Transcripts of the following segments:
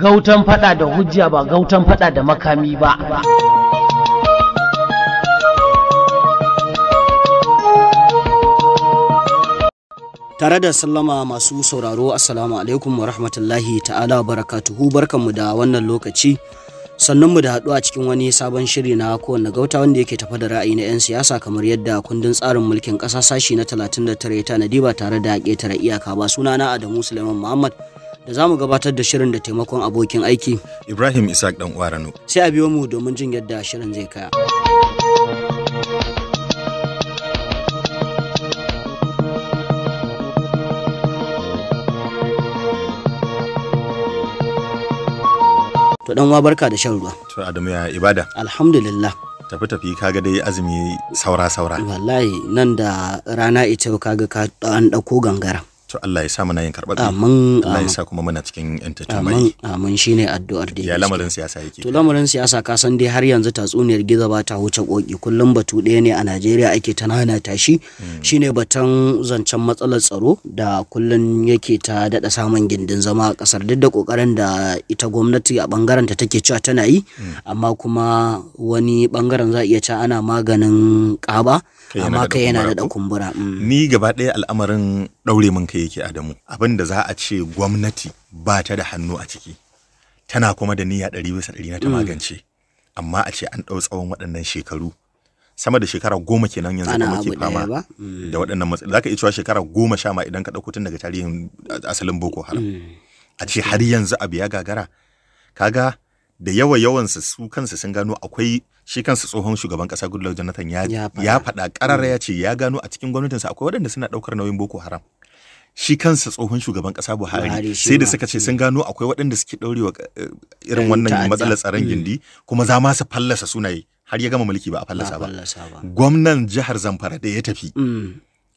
gautan fada da hujja ba gautan fada da makami ba tare da sallama masu sauraro assalamu alaikum wa rahmatullahi ta'ala barakatuhu barkanmu da wannan lokaci sannan mu da haɗu a cikin wani sabon shiri na kowane gauta wanda yake tafa da ra'ayi na 'yan siyasa kamar yadda kundin tsarin mulkin ƙasa sashi na 39 ya tanadi ba tare da ƙetare iyaka ba sunana adamu suleiman muhammad da za mu gabatar da shirin da taimakon abokin aiki ibrahim isaac dan uwarano sai a biyo mu domin jin yadda shirin zai kaya to dan wa barka da shan ruwa to adamu ya ibada alhamdulillah tafi tafi kaga dai azumi saura saura wallahi nan da rana ita kaga ka an dauko gangara to Allah ya sa muna yin karɓar amin Allah ya sa kuma muna cikin entertainment amin shine addu'ar da ya lamarin siyasa yake to lamarin siyasa ka san dai har yanzu tatsuniyar giza ba ta wuce koki kullum batu ɗaya ne a Najeriya ake ta nana shi hmm. shine batun zancen matsalar tsaro da kullum yake ta dada samun gindin zama a kasar duk da kokarin da ita gwamnati a bangaren ta take cewa tana yi hmm. amma kuma wani bangaren za a iya cewa ana maganin ƙaba amma kai yana da kumbura hmm. ni gaba ɗaya al'amarin ɗaure mun kai haka yake Adamu abin da za a ce gwamnati ba ta da hannu a ciki tana kuma da niyya ɗari bisa ɗari na ta mm. magance amma a ce an ɗau tsawon waɗannan shekaru sama da shekara goma kenan yanzu kuma muke fama da waɗannan matsaloli ka iya cewa shekara goma sha ma idan ka ɗauko tun daga tarihin asalin boko haram mm. a ce har yanzu abu ya gagara kaga da yawa yawansu su kansu sun gano akwai shi kansu tsohon shugaban kasa Goodluck Jonathan ya faɗa karara ya ce ya gano a cikin gwamnatinsa akwai waɗanda suna ɗaukar nauyin Boko Haram shi kansa tsohon shugaban kasa Buhari sai da suka ce sun gano akwai waɗanda suke ɗaurewa eh, irin wannan matsalar tsaron mm. gindi kuma za ma su fallasa sunaye har ya gama mulki ba a fallasa ba gwamnan jihar Zamfara da ya tafi mm.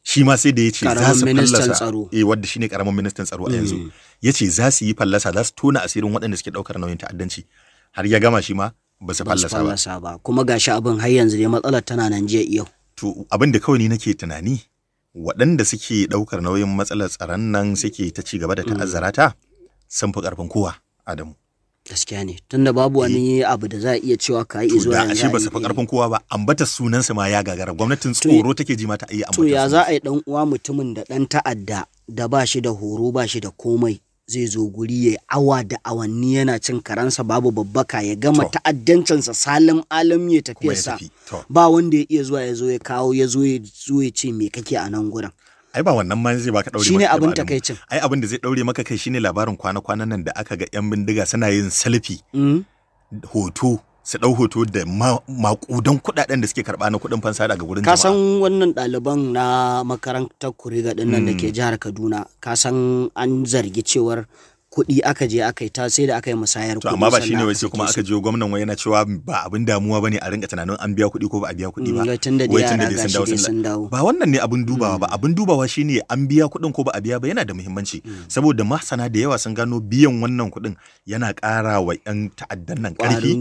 shi ma sai da ya ce za su fallasa eh wanda shine karamin ministan tsaro a yanzu mm. ya ce za su yi fallasa za su tona asirin waɗanda suke ɗaukar nauyin ta'addanci har ya gama shi ma ba su fallasa ba kuma gashi abin har yanzu dai matsalar tana nan jiya yau to abin da kawai ni nake tunani waɗanda suke ɗaukar nauyin matsalar tsaron nan suke ta ci gaba da mm. ta'azzara ta sun fi ƙarfin kowa Adamu. Gaskiya ne tun da babu eh. wani abu da za a iya cewa ka yi zuwa yanzu. Ashe ba su fi ƙarfin kowa ba ambata sunansa ma ya gagara gwamnatin tsoro take ji mata a yi ambata. To ya za a yi ɗan uwa mutumin da ɗan ta'adda da ba shi da horo ba shi da komai zai zo guri ya awa da awanni yana cin karansa babu babbaka ya gama ta'addancinsa salim alam ya tafiyarsa ba wanda ya iya zuwa ya zo ya kawo ya zo ya ce me kake a nan gurin ai ba wannan ma zai baka daure shine abin takaicin ai abin da zai daure maka kai shine labarin kwana-kwanan nan da aka ga yan bindiga suna yin selfie mm. hoto su ɗau hoto da makudan kuɗaɗen da suke karɓa na kuɗin fansa daga wurin jama'a. Kasan wannan ɗaliban na makarantar kuriga ɗin nan da ke mm. jihar Kaduna, kasan an zargi cewar kuɗi aka je aka yi ta sai da aka yi musayar kuɗi. amma ba shi ne wace kuma aka je gwamnan wai yana cewa ba abin damuwa ba ne a rinka tunanin an biya kuɗi ko ba a biya kuɗi ba. Mm, tun da yara sun dawo. ba wannan ne abin dubawa ba mm. abin dubawa shi ne an biya kuɗin ko ba a biya ba yana da muhimmanci mm. saboda masana da yawa sun gano biyan wannan kuɗin yana ƙara wa ƴan ta'addan nan ƙarfi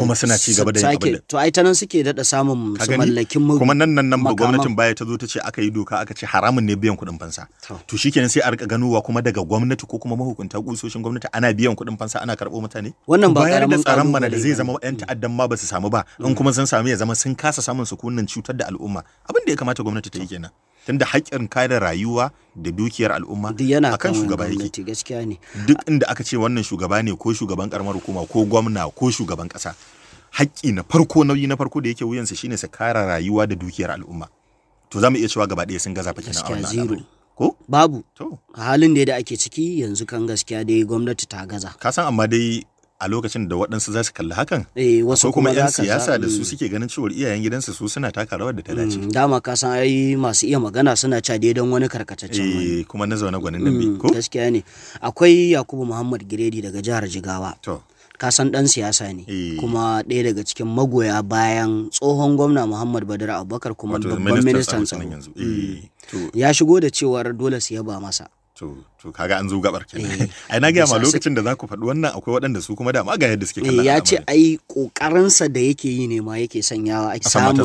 kuma suna ci gaba da yin abin to ai ta nan suke daɗa samun su mallakin mu kuma nan nan nan ba gwamnatin baya ta zo ta ce aka yi doka aka ce haramun ne biyan kuɗin fansa to shikenan sai a rika ganowa kuma daga gwamnati ko kuma mahukunta kusoshin gwamnati ana biyan kuɗin fansa ana karɓo mutane wannan ba bayar da tsaron mana da zai zama yan ta'addan ma ba su samu ba in mm. kuma sun samu ya zama sun kasa samun su sukunin cutar da al'umma abin da ya kamata gwamnati ta yi kenan tun da haƙƙin kare rayuwa da dukiyar al'umma a kan shugaba yake duk inda aka ce wannan shugaba ne ko shugaban karamar hukuma ko gwamna ko shugaban ƙasa haƙƙi na farko nauyi na farko da yake wuyansa shine su kare rayuwa da dukiyar al'umma to za mu iya cewa gaba ɗaya sun gaza fa kenan a wannan ko babu to halin da ake ciki yanzu kan gaskiya dai gwamnati ta gaza ka san amma dai a lokacin da waɗansu za su kalli hakan eh wasu kuma yan siyasa da su suke ganin cewa iyayen gidansu su suna taka rawar da ta dace mm, dama ka san ai masu iya magana suna cewa dai don wani karkataccen eh kuma na zaune gwanin dambe mm, ko gaskiya ne akwai Yakubu Muhammad Giredi daga jihar Jigawa to kasan dan siyasa ne eh. kuma ɗaya daga cikin magoya bayan tsohon gwamna muhammad badar abubakar kuma babban ministan tsaro eh, mm. ya shigo da cewar dole su yaba masa to to kaga an zo gabar kenan eh, ai na ga ma lokacin da za ku faɗi wannan akwai waɗanda su kuma da ma ga yadda suke kallon ya ce ai ƙoƙarinsa da yake yi ne ma yake sanyawa ake samu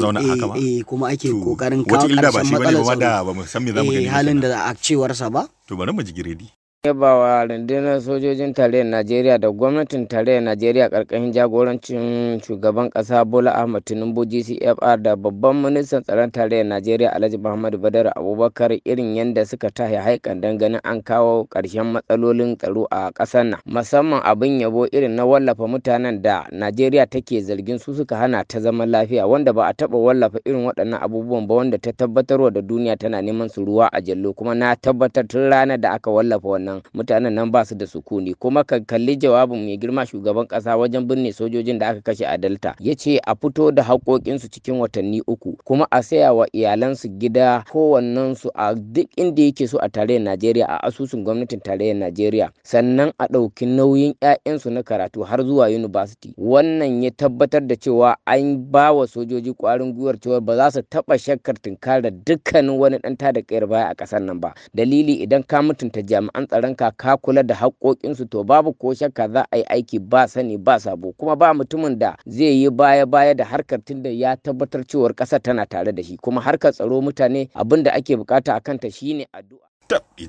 eh kuma ake kokarin kawo ƙarshen matsalar tsaro ba mu san me zamu gani halin da a cewar sa ba to bari mu ji giredi yabawa rundunar sojojin tarayyar najeriya da gwamnatin tarayyar najeriya karkashin jagorancin shugaban kasa bola ahmad tinubu gcfr da babban ministan tsaron tarayyar najeriya alhaji muhammadu badar abubakar irin yadda suka tahi haikan dangane an kawo karshen matsalolin tsaro a kasar nan musamman abin yabo irin na wallafa mutanen da najeriya take zargin su suka hana ta zaman lafiya wanda ba a taba wallafa irin waɗannan abubuwan ba wanda ta tabbatarwa da duniya tana neman su ruwa a jallo kuma na tabbatar tun ranar da aka wallafa wannan nan mutanen nan ba su da sukuni kuma ka kalli jawabin mai girma shugaban kasa wajen binne sojojin da aka kashe a Delta ya ce a fito da haƙoƙinsu cikin watanni uku kuma a saya wa iyalansu gida kowannen su a duk inda yake so a tarayyar Najeriya a asusun gwamnatin tarayyar Najeriya sannan a ɗauki nauyin 'ya'yansu na karatu har zuwa university wannan ya tabbatar da cewa an ba wa sojoji ƙwarin gwiwar cewa ba za su taɓa shakkar tunkarar dukkanin wani ɗan tada kayar baya a ƙasar nan ba dalili idan ka mutunta jami'an tsaronka ka kula da haƙoƙinsu to babu ko shakka za a yi aiki ba sani ba sabo kuma ba mutumin da zai yi baya baya da harkar tunda ya tabbatar cewar ƙasa tana tare da shi kuma harkar tsaro mutane abin da ake bukata a kanta shine addu'a.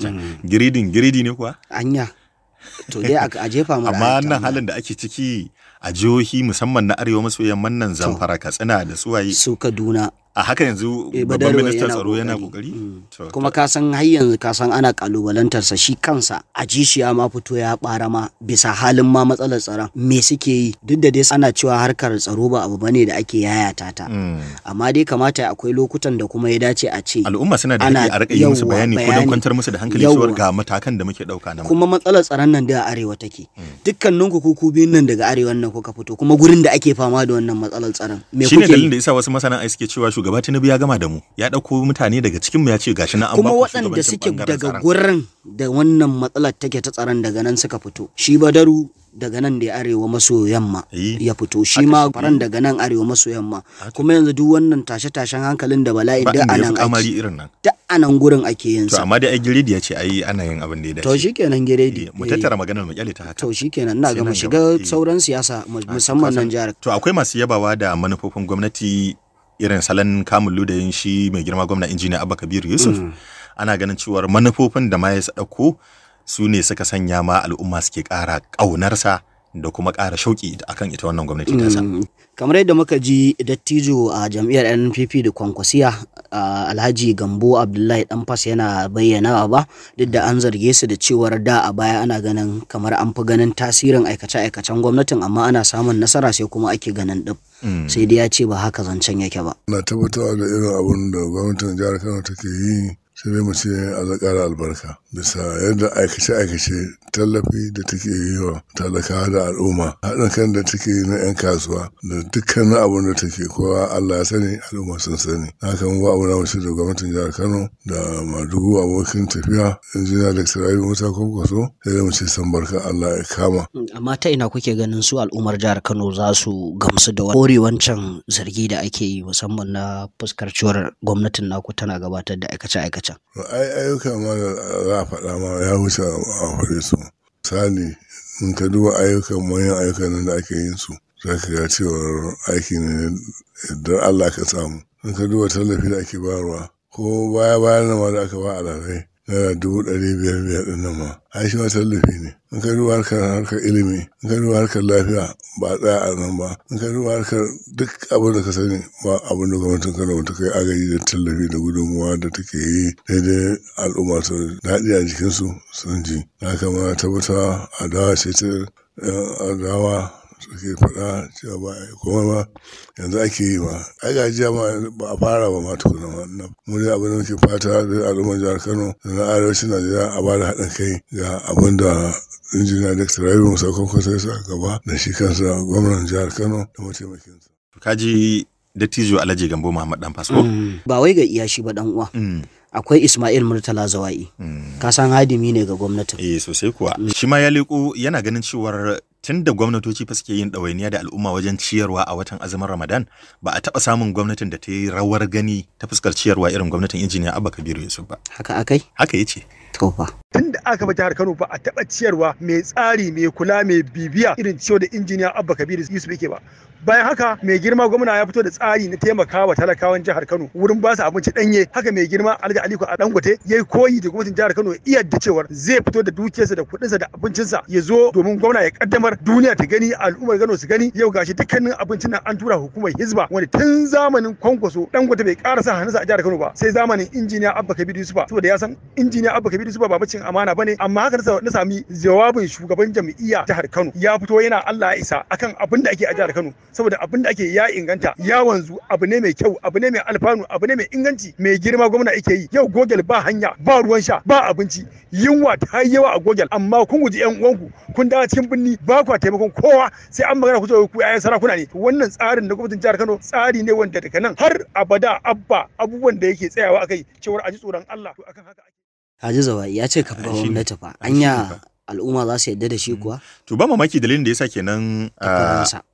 Mm. giridin giridi ne kuwa? Anya. to dai a jefa mara amma wannan halin da ake ciki a jihohi musamman na arewa maso yamman nan zamfara katsina da suwaye su kaduna a haka yanzu eh, babban ministan tsaro yana kokari mm. kuma ka san har yanzu ka san ana kalubalantarsa shi kansa a jishiya ma fito ya bara ma bisa halin ma matsalar tsaron me suke yi duk da dai ana cewa harkar tsaro ba abu bane da ake yayata ta mm. amma dai kamata akwai lokutan da kuma ya dace a ce al'umma suna da ana a rika yi musu bayani ko don kwantar musu da hankali cewa ga matakan da muke dauka nan kuma matsalar tsaron nan da arewa take mm. dukkanin ku ku biyun nan daga arewa nan kuka fito kuma gurin da ake fama da wannan matsalar tsaron me kuke ne dalilin da yasa wasu masana ai suke cewa shugaba Tinubu ya gama da mu ya dauko mutane daga cikin mu ya ce gashi na an ba kuma waɗanda suke daga gurin da wannan matsalar take ta tsaron daga nan suka fito shi Badaru daga nan da arewa maso yamma eh. ya fito shi ma faran daga nan arewa maso yamma kuma yanzu duk wannan tashe-tashen hankalin da bala'i da anan ake da anan gurin ake yin to amma dai ai giredi ya ce ai ana yin abin da ya dace to shikenan giredi eh, mu tattara eh. maganar mu kyale ta haka to shikenan ina ga mu shiga sauran siyasa musamman nan jihar to akwai masu yabawa da manufofin gwamnati irin salon kamun ludayin shi mai girma gwamna injiniya abba kabir yusuf mm. ana ganin cewar manufofin da ma ya ɗauko su ne suka sanya ma al'umma suke ƙara ƙaunarsa da kuma ƙara shauƙi a kan ita wannan gwamnati ta sa. Mm. Kamar yadda muka ji dattijo a jam'iyyar NPP da kwankwasiya Alhaji Gambo Abdullahi Danfas yana bayyana ba duk da an zarge su da cewar da a baya ana ganin kamar an fi ganin tasirin aikace-aikacen gwamnatin amma ana samun nasara sai kuma ake ganin ɗin. Mm. Sai dai ya ce ba haka zancen yake ba. Na tabbatar da irin abun da gwamnatin jihar Kano take yi sai dai mu ce a albarka bisa yadda aikace-aikace tallafi da take yi wa talakawa da al'umma haɗin kan da take yi na 'yan kasuwa da dukkanin abin da take kowa Allah ya sani al'umma sun sani hakan ba abu na mace da gwamnatin jihar Kano da Madugu abokin tafiya injiniya da Sarabi Musa Kwankwaso sai dai mu san barka Allah ya kama. Amma ta ina kuke ganin su al'ummar jihar Kano za su gamsu da kore wancan zargi da ake yi musamman na fuskar cewar gwamnatin naku tana gabatar da aikace-aikace. tafiya. ai ayyuka ma da za a faɗa ma ya wuce a faɗe su misali in ka duba ayyukan manyan ayyukan nan da ake yin su za ka ga cewar aiki ne idan Allah ka samu in ka duba tallafi da ake bayarwa ko baya bayan nan ma da aka ba a naira dubu ɗari biyar biyar ɗin nan ma ai shi ma tallafi ne in ka duba harkar harkar ilimi in ka duba harkar lafiya ba tsaya a nan ba in ka duba harkar duk abin da ka sani ba abin da gwamnatin kano ta kai agaji da tallafi da gudunmuwa da take yi daidai al'umma su daɗi a jikinsu sun ji na kama tabbata a dawa ce ta yan eh, adawa suke faɗa cewa ba kuma ba yanzu ake yi ma ai gajiya ma ba a fara ba ma tukuna ma nan mu dai abin da muke fata da al'ummar jihar Kano da na arewacin Najeriya a ba da haɗin kai ga abin da injiniya Dr. Rabi Musa Kwankwan sai sa gaba da shi kansa gwamnan jihar Kano da mataimakinsa. Kaji dattijo Alhaji Gambo Muhammad Dan fasko. Mm. Ba wai ga iyashi ba dan uwa. Mm. akwai Ismail Murtala Zawa'i. kasan mm. Ka san hadimi ne ga gwamnatin. Eh sosai kuwa. shima Shi ma ya leko yana ganin cewar tun da gwamnatoci fa suke yin ɗawainiya da al'umma wajen ciyarwa a watan azumin ramadan ba a taɓa samun gwamnatin da ta yi rawar gani ta fuskar ciyarwa irin gwamnatin injiniya abba kabiru yusuf ba haka akai haka yace to tun da aka bata kano ba a taɓa ciyarwa mai tsari mai kula mai bibiya irin ciwo da injiniya abba kabiru yusuf yake ba bayan haka mai girma gwamna ya fito da tsari na taimakawa talakawan jihar kano wurin basu abinci danye haka mai girma alhaji aliko a dangote ya koyi da gwamnatin jihar kano iya da cewar zai fito da dukiyarsa da kuɗinsa da abincinsa ya zo domin gwamna ya kaddamar duniya ta gani al'ummar gano su gani yau gashi dukkanin abincin nan an tura hukumar hizba wanda tun zamanin kwankwaso gwata bai ƙara sa hannunsa a jihar kano ba sai zamanin injiniya abba kabiru yusufa saboda ya san injiniya abba kabiru yusufa ba bacin amana bane amma haka na sami jawabin shugaban jam'iyya jihar kano ya fito yana allah ya isa akan abin da ake a jihar kano saboda abin da ake ya inganta ya wanzu abu ne mai kyau abu ne mai alfanu abu ne mai inganci mai girma gwamna ake yi yau gogel ba hanya ba ruwan sha ba abinci yunwa ta yawa a gogel amma kun guji yan uwanku kun dawo cikin birni ba ku taimakon kowa sai an magana ku ce ku sarakuna ne wannan tsarin na gwamnatin jihar Kano tsari ne wanda daga nan har abada abba abubuwan da yake tsayawa akai cewar aji tsoron Allah to akan haka Haji Zawai ya ce kafin gwamnati fa anya al'umma za su yadda da shi mm. kuwa to ba mamaki dalilin da yasa kenan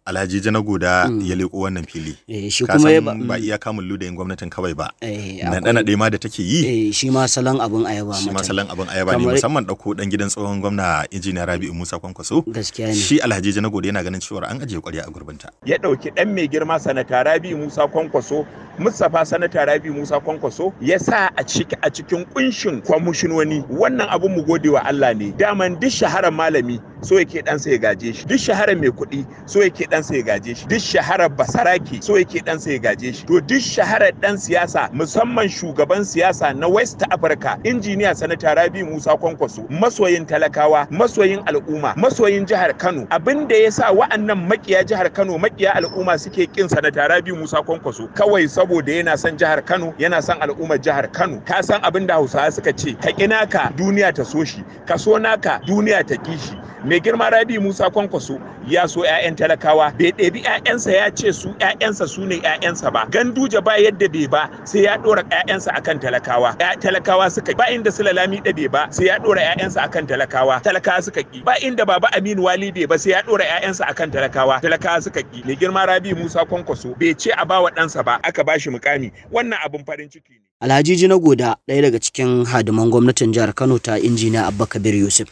Alhaji Janago da mm. ya leko wannan fili. Eh, shi kuma ya ba. Mm. iya kamun ludayin gwamnatin kawai ba. Eh, na ɗana ɗaya ma da take yi. Eh, shi ma salon abin ayaba. Shi ma salon abin ayaba ne musamman ɗauko ɗan gidan tsohon gwamna injiniya Rabi'u Musa Kwankwaso. Gaskiya ne. Shi Alhaji Janago da yana ganin cewa an ajiye ƙwarya a gurbinta. Ya ɗauki ɗan mai girma sanata Rabi'u Musa Kwankwaso, Mustapha sanata Rabi'u Musa Kwankwaso ya sa a ciki a cikin kunshin wani. Wannan abin mu gode wa Allah ne. Daman duk shaharar malami so yake ɗansa ya gaje shi. Duk shaharar mai kuɗi so yake ɗansa ya gaje shi duk shaharar basarake so yake ɗansa ya gaje shi to duk shaharar ɗan siyasa musamman shugaban siyasa na west africa injiniya sanata rabi musa kwankwaso masoyin talakawa masoyin al'umma masoyin jihar kano abin da ya sa wa'annan makiya jihar kano makiya al'umma suke kin sanata rabi musa kwankwaso kawai saboda yana son jihar kano yana son al'ummar jihar kano ka san abin da hausawa suka ce ka ƙi naka duniya ta so shi ka so naka duniya ta ƙi shi mai girma rabi musa kwankwaso ya so 'ya'yan talakawa bai ɗebi 'ya'yansa ya ce su 'ya'yansa su ne 'ya'yansa ba ganduje ba yadda bai ba sai ya ɗora 'ya'yansa akan talakawa Ya talakawa suka ba inda su lalami ɗabe ba sai ya ɗora 'ya'yansa akan talakawa talakawa suka ƙi. ba inda baba aminu wali bai ba sai ya ɗora 'ya'yansa akan talakawa talakawa suka ƙi. mai girma rabi musa kwankwaso bai ce a bawa ɗansa ba aka bashi mukami wannan abin farin ciki ne Alhaji Jinagoda ɗaya daga cikin hadiman gwamnatin jihar Kano ta injiniya Abba Kabir Yusuf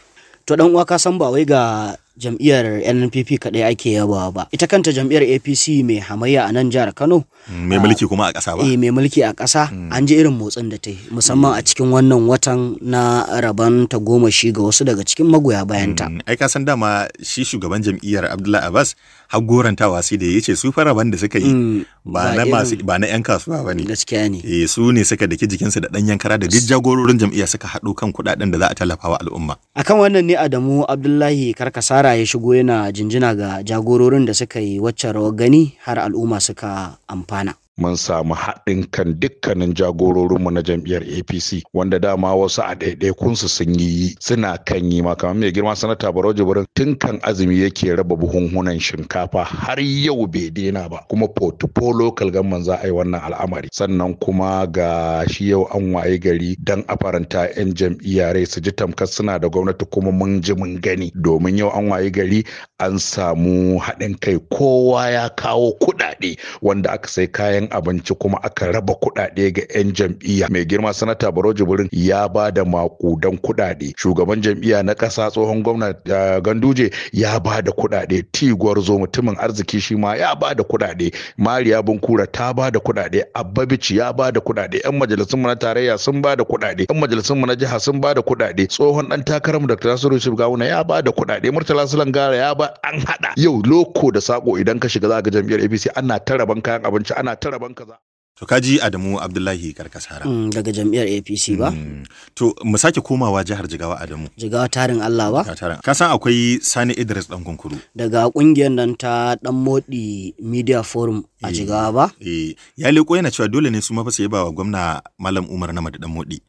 to dan uwa ka san ba wai ga jam'iyyar NNPP kaɗai ake yabawa ba ita kanta jam'iyyar APC mai hamayya a nan jihar Kano mai ah, mulki kuma a ƙasa ba eh mai mulki a ƙasa hmm. an ji irin motsin da ta yi musamman a cikin wannan watan na raban ta goma shi ga wasu daga cikin magoya bayanta hmm, ai ka san dama shi shugaban jam'iyyar Abdullahi Abbas har gorantawa sai da yace su fa raban da suka yi hmm, ba na masu ba na yan kasuwa bane gaskiya ne eh su ne suka daki jikinsu da ɗan yankara da duk jagororin jam'iyya suka haɗo kan kuɗaɗen da za a tallafa wa al'umma akan wannan ne Adamu Abdullahi Karkasara nasara ya shigo yana jinjina ga jagororin da suka yi waccan rawar gani har al'umma suka amfana mun samu haɗin kan dukkanin jagororinmu na jam'iyyar apc wanda dama wasu a ɗaiɗaikunsu sun yi suna kan yi ma kamar mai girma sanata barau jibirin tun kan azumi yake raba buhunhunan shinkafa har yau bai daina ba kuma portfolio local government za a yi wannan al'amari sannan kuma ga shi yau an waye gari dan afaranta 'yan jam'iyya rai su ji tamkar suna da gwamnati kuma mun ji mun gani domin yau an waye gari an samu haɗin kai kowa ya kawo kuɗaɗe wanda aka sai kayan abinci kuma aka raba kuɗaɗe ga 'yan jam'iyya mai girma sanata baro jibirin ya ba da makudan kuɗaɗe shugaban jam'iyya na ƙasa tsohon gwamna eh, ganduje ya ba da kuɗaɗe tigwar zo mutumin arziki shi ma ya ba da kuɗaɗe mariya bunkura ta ba da kuɗaɗe abbabici ya ba da kuɗaɗe 'yan majalisun mu na tarayya sun ba da kuɗaɗe 'yan majalisun mu na jiha sun ba da kuɗaɗe tsohon ɗan takararmu dr nasiru yusuf gawuna ya ba da kuɗaɗe murtala sulan gara ya ba an haɗa yau loko da sako idan ka shiga za jam'iyyar apc ana tara ban abinci ana tara daban kaza To kaji Adamu Abdullahi Karkasara. Mm, daga jam'iyyar APC ba. Mm. To mu sake komawa jihar Jigawa Adamu. Jigawa tarin Allah ba. Ka san akwai Sani Idris dan kunkuru. Daga kungiyar nan ta dan modi Media Forum a eh, Jigawa ba. E, ya leko yana cewa dole ne su ma fa su yaba wa gwamna Malam Umar Namadi dan modi.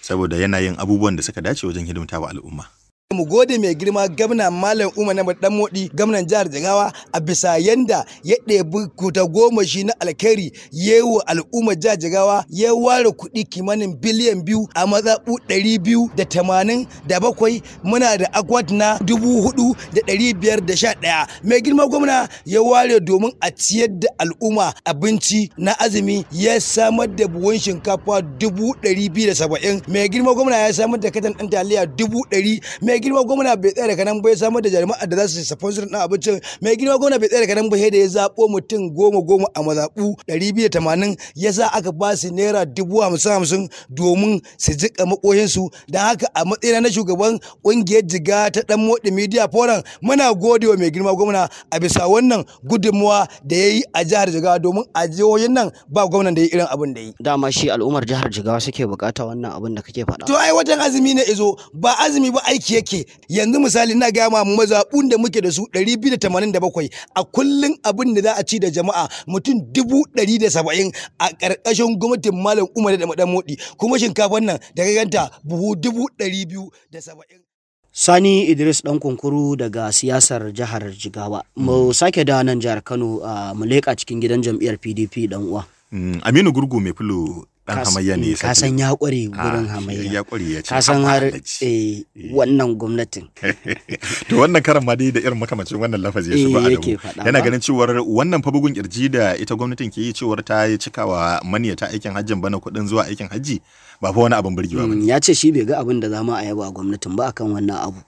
Saboda yana yin abubuwan da suka dace wajen hidimta wa al'umma. mu gode mai girma gamna malam umar na dan modi gwamnan jihar jigawa a bisa yanda ya ɗebi kuta goma shi na alkhairi yewa al'ummar jihar jigawa ya ware kuɗi kimanin biliyan biyu a mazaɓu ɗari biyu da tamanin da bakwai muna da akwat na dubu hudu da ɗari biyar da sha ɗaya mai girma gwamna ya ware domin a ciyar da al'umma abinci na azumi ya samar da buhun shinkafa dubu ɗari biyu da saba'in mai girma gwamna ya samar da katan ɗan taliya dubu ɗari mai girma gwamna bai tsaya daga nan bai samar da jami'a da za su sponsor na abincin mai girma gwamna bai tsaya daga nan bai sai da ya zabo mutum goma goma a mazaɓu ɗari biyu da tamanin ya sa aka ba su naira dubu hamsin hamsin domin su jiƙa maƙoyinsu don haka a matsayina na shugaban ƙungiyar jiga ta ɗan moɗi media forum muna gode wa mai girma gwamna a bisa wannan gudunmuwa da ya yi a jihar jigawa domin a jihohin nan ba gwamnan da ya irin abin da ya yi. dama shi al'ummar jihar jigawa suke bukata wannan abin da kake faɗa. to ai watan azumi ne izo ba azumi ba aiki yake yake yanzu misali na gaya mu mazaɓun da muke da su 287 a kullum abin da za a ci da jama'a mutum 170 a ƙarƙashin gwamnatin malam umar da madan modi kuma shinkafan nan da ganta buhu 270 Sani Idris ɗan kunkuru daga siyasar jihar Jigawa. Mu mm. sake da nan jihar Kano a leƙa cikin gidan jam'iyyar PDP dan uwa. Mm, Aminu Gurgu mai filo dan hamayya ne ka san ya kware ah, gurin hamayya ya kware ya ce kasan har eh, eh. wannan gwamnatin to wannan karan ma dai da irin makamancin wannan lafazi ya shigo eh, a yana ganin cewar wannan fa bugun kirji da ita gwamnatin ke yi cewar ta yi cikawa ta aikin hajjin bana kuɗin zuwa aikin hajji ba fa wani abin burgewa ba mm, ya ce shi bai ga abin da za mu a yaba gwamnatin ba akan wannan abu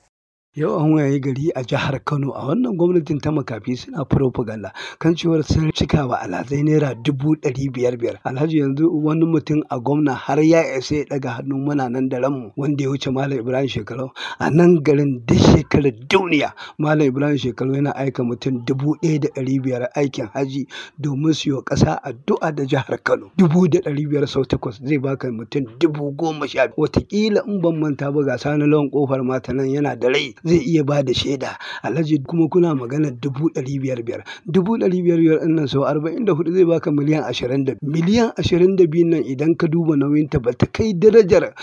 Yau an waye gari a jihar Kano a wannan gwamnatin ta makafi suna propaganda kan cewar sun cika wa alhazai naira dubu ɗari biyar biyar. Alhaji yanzu wani mutum a gwamna har ya isa ya daga hannun muna nan da ranmu wanda ya wuce Malam Ibrahim shekaru a nan garin duk shekarar duniya Malam Ibrahim shekaru yana aika mutum dubu ɗaya da ɗari biyar aikin haji domin su yi ƙasa addu'a da jihar Kano. Dubu da ɗari biyar sau takwas zai baka mutum dubu goma sha biyu. Watakila in ban manta ba gasa na lawan kofar mata nan yana da rai. zai iya ba da shaida alhaji kuma kuna magana dubu ɗari biyar biyar dubu ɗari biyar biyar ɗin nan sau arba'in da hudu zai baka miliyan ashirin da miliyan ashirin da biyu nan idan ka duba nauyin ta ba ta kai darajar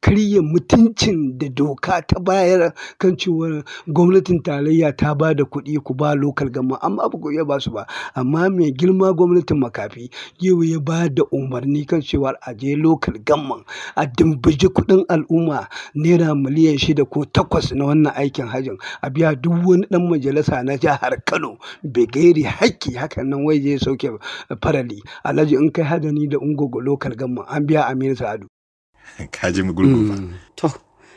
karya mutuncin da doka ta bayar kan cewar gwamnatin tarayya ta ba da kuɗi ku ba lokal gama amma ba ku iya ba su ba amma mai girma gwamnatin makafi yau ya ba da umarni kan cewar a je lokal gama a dimbiji kuɗin al'umma naira miliyan shida ko takwas na wannan aikin hajjin a biya duk wani dan majalisa na jihar Kano begeri haƙƙi hakan nan wai zai sauke farali alhaji in kai hadani da ungogo local gamma an biya Aminu Sa'adu ka ji mu gurgufa mm. to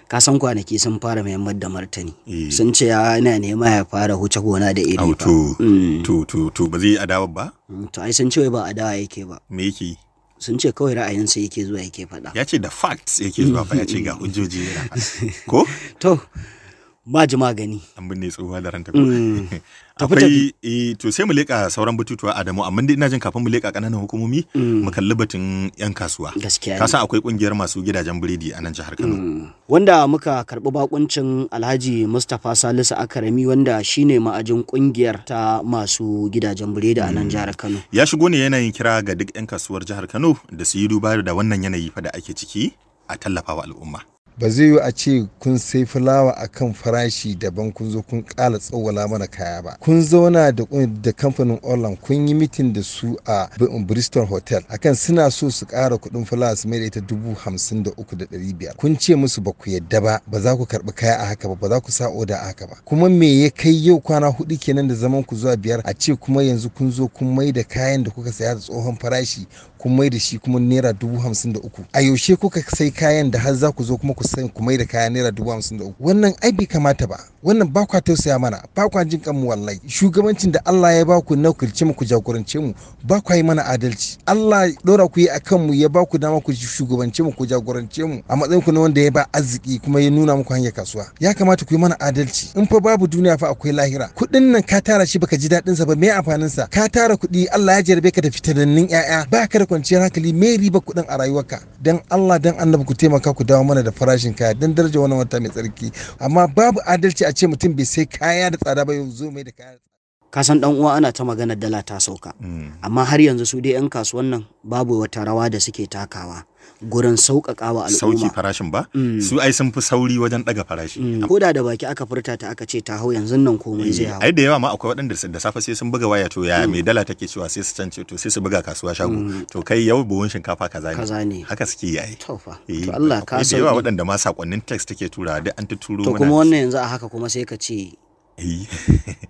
ka san kwanaki sun fara mai da martani eh. sun ce yana nema ya fara huce gona da iri ba mm. to to to ba zai adawa ba mm, to ai sun ce ba adawa yake ba me yake sun ce kawai ra'ayinsa yake zuwa yake faɗa ya ce da facts yake zuwa fa ya ce ga hujjoji ko to ba ji magani an binne tsohuwa da ranta mm. akwai eh, to sai mu leƙa sauran batutuwa Adamu amma dai ina jin kafin mu leƙa kananan hukumomi mm. mu kalli batun yan kasuwa gaskiya Kasa akwai kungiyar masu gidajen biredi a nan jihar Kano mm. wanda muka karɓi bakuncin Alhaji Mustapha Salisu Akarami wanda shine ma'ajin kungiyar ta masu gidajen biredi a nan jihar Kano ya shigo ne yanayin kira ga duk yan kasuwar jihar Kano da su yi duba da wannan yanayi fa da ake ciki a tallafawa al'umma ba zai yiwu a ce kun sai fulawa a kan farashi daban kun zo kun kala tsawwala mana kaya ba kun zauna da kamfanin orlan kun yi mitin da su a bristol hotel akan suna so su kara kuɗin fulawa su mai da ita dubu hamsin da uku da ɗari biyar kun ce musu ba ku yadda ba ba za ku karɓi kaya a haka ba ba za ku sa oda a haka ba kuma me ya kai yau kwana hudu kenan da zaman ku zuwa biyar a ce kuma yanzu kun zo kun mai da kayan da kuka saya da tsohon farashi kun mai da shi kuma naira dubu hamsin da uku a yaushe kuka sai kayan da har za ku zo kuma ku sai ku mai da kaya naira dubu hamsin da uku wannan ai bai kamata ba wannan ba kwa tausaya mana ba kwa jin kanmu wallahi shugabancin da Allah ya ba ku na mu ku jagorance mu ba kwa yi mana adalci Allah dora ku yi akan mu ya ba ku dama ku shugabance mu ku jagorance mu a matsayin ku na wanda ya ba arziki kuma ya nuna muku hanyar kasuwa ya kamata ku yi mana adalci in fa babu duniya fa akwai lahira kuɗin nan ka tara shi baka ji daɗin sa ba me amfanin sa ka tara kuɗi Allah ya jarabe ka da fitanannin ƴaƴa ba ka da kwanciyar hankali me riba kuɗin a rayuwarka dan Allah dan annabi ku taimaka ku dawo mana da fara farashin kaya don daraja wannan wata mai tsarki amma babu adalci a ce mutum bai sai kaya da tsada ba yanzu mai da kaya ka san dan uwa ana ta magana dala ta sauka mm. amma har yanzu su dai yan kasuwan nan babu wata rawa da suke takawa gurin sauƙaƙawa al'umma sauki farashin ba mm. su ai sun fi sauri wajen ɗaga farashi mm. ko da da baki aka furta ta aka ce ta hau yanzu nan komai zai eh, hau ai da yawa ma akwai waɗanda da safe sai sun buga waya to ya mai dala take cewa sai su cance to sai su buga kasuwa shago to kai yau buhun shinkafa kaza ne kaza ne haka suke yi to fa eh, to Allah ka sauki da yawa waɗanda ma sakonnin text take turawa duk an ta turo to kuma wannan yanzu a haka kuma sai ka ce eh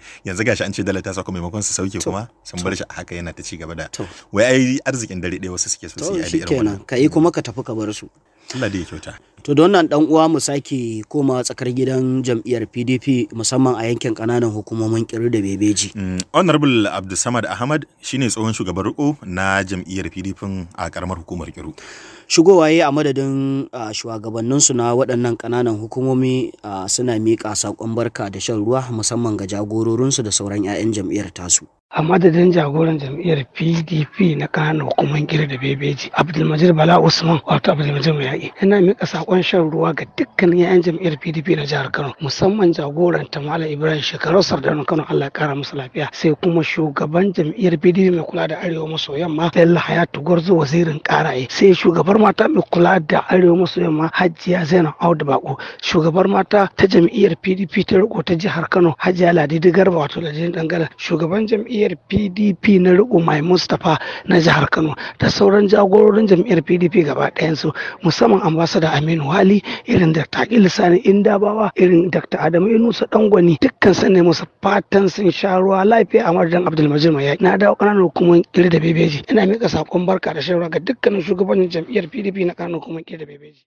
yanzu gashi an ce dala ta sako maimakon su sauke kuma sun bar shi haka yana ta ci gaba da wai ai arzikin dare daya wasu suke so su yi irin wannan ka yi mm. kuma ka tafi ka bar su Allah da ya kyauta to ɗan nan dan uwa mu sake koma tsakar gidan jam'iyyar pdp musamman a yankin kananan hukumomin ƙiru da bebeji mm, honorable abdulsamad ahmad shine tsohon shugaban riko na jam'iyyar pdp a karamar hukumar kiru shigowa a madadin shugabanninsu na waɗannan kananan hukumomi suna miƙa saƙon barka da shan ruwa musamman ga jagororinsu da sauran 'ya'yan jam'iyyar tasu a madadin jagoran jam'iyyar pdp na ƙananan hukumar gida da bebeji abdulmajid bala usman wato abdulmajid mai yaƙi yana miƙa saƙon shan ruwa ga dukkanin 'ya'yan jam'iyyar pdp na jihar kano musamman jagoran mala ibrahim shekaru sardarin kano allah kara musu lafiya sai kuma shugaban jam'iyyar pdp mai kula da arewa maso yamma bello hayatu gwarzo wazirin karaye sai shugabar mata mai kula da arewa maso yamma hajiya zainab audu bako shugabar mata ta jam'iyyar pdp ta riko ta jihar kano hajiya ladidi garba wato ladidi dangala shugaban jam'iyyar jam'iyyar pdp na riko mai mustapha na jihar kano ta sauran jagororin jam'iyyar pdp gaba ɗayansu musamman ambasada aminu wali irin dr inda bawa irin dr adamu inusa dangwani dukkan sun ne musu fatan sun sha ruwa lafiya a madadin abdulmajid mai na dawo kananan hukumar kiri da bebeji ina miƙa saƙon barka da shan ga dukkanin shugabannin jam'iyyar pdp na kananan hukumar kiri da bebeji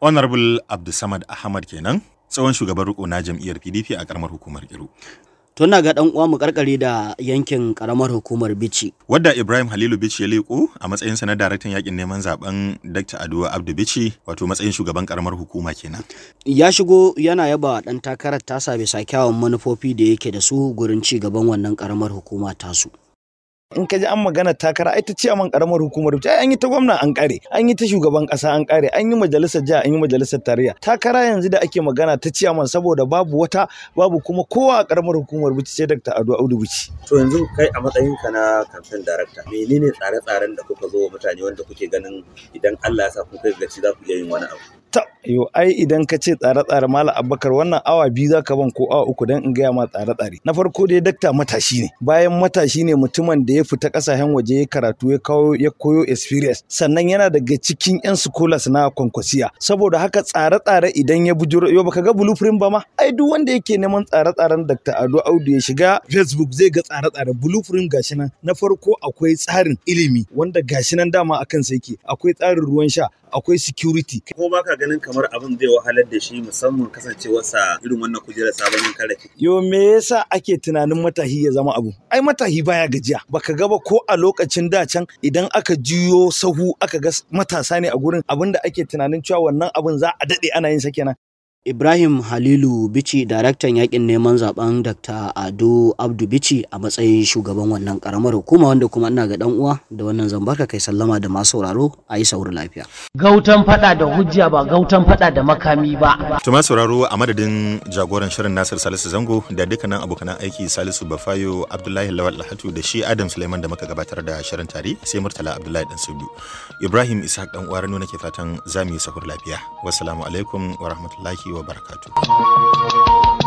honorable abdulsamad ahmad kenan tsohon shugaban riko na jam'iyyar pdp a karamar hukumar iro tunna ga dan uwa mu karkare da yankin karamar hukumar Bichi. Wadda Ibrahim Halilu Bichi ya leko a matsayin sa na daraktan yakin neman zaben Dr. Aduwa Abdu Bichi wato matsayin shugaban karamar hukuma kenan. Ya shigo yana yaba dan takarar tasa bisa kyawun manufofi da yake da su gurin ci gaban wannan karamar hukuma tasu. in ka ji an magana takara ai ta ce man karamar hukumar ai an yi ta gwamna an kare an yi ta shugaban kasa an kare an yi majalisar jiha an yi majalisar tarayya takara yanzu da ake magana ta ce man saboda babu wata babu kuma kowa a karamar hukumar bici sai Dr. Ado Audu Bici to yanzu kai a matsayin ka na campaign director menene tsare-tsaren da kuka zo wa mutane wanda kuke ganin idan Allah ya sa kun kai gaci za ku iya yin wani abu Ta yo ai idan ka ce tsare-tsare mala abakar wannan awa biyu za ka ban ko awa uku dan in gaya ma tsare-tsare na farko dai dakta matashi ne bayan matashi ne mutumin da ya fita kasashen waje ya karatu ya kawo ya koyo experience sannan yana daga cikin yan scholars na kwankwasiya saboda haka tsare-tsare idan ya bujuro yo baka ga blueprint ba ma ai duk wanda yake neman tsare-tsaren dakta ado audu ya shiga facebook zai ga tsare-tsare blueprint gashi nan na farko akwai tsarin ilimi wanda gashi nan dama akan sa yake akwai tsarin ruwan sha akwai security ko ba ka ganin kamar abin zai wahalar da shi musamman kasancewarsa irin wannan kujerar sabon karafi yo me yasa ake tunanin matahi ya zama abu ai matahi baya gajiya baka ga ba ko a lokacin da can idan aka juyo sahu aka ga matasa ne a gurin da ake tunanin cewa wannan abin za a dade ana yin sa kenan Ibrahim Halilu Bichi daraktan yakin neman zaben Dr. Ado Abdu Bichi a matsayin shugaban wannan karamar hukuma wanda kuma ina ga dan uwa da wannan zambarka kai sallama da masu sauraro a yi sauri lafiya. Gautan fada da hujja ba gautan fada da makami ba. To sauraro a madadin jagoran shirin Nasir Salisu Zango da dukkanin abokanan aiki Salisu Bafayo Abdullahi Lawal Lahatu da shi Adam Suleiman da muka gabatar da shirin tare sai Murtala Abdullahi dan Sudu. Ibrahim Isa dan uwa nake fatan za mu yi sauri lafiya. Wassalamu alaikum wa rahmatullahi wa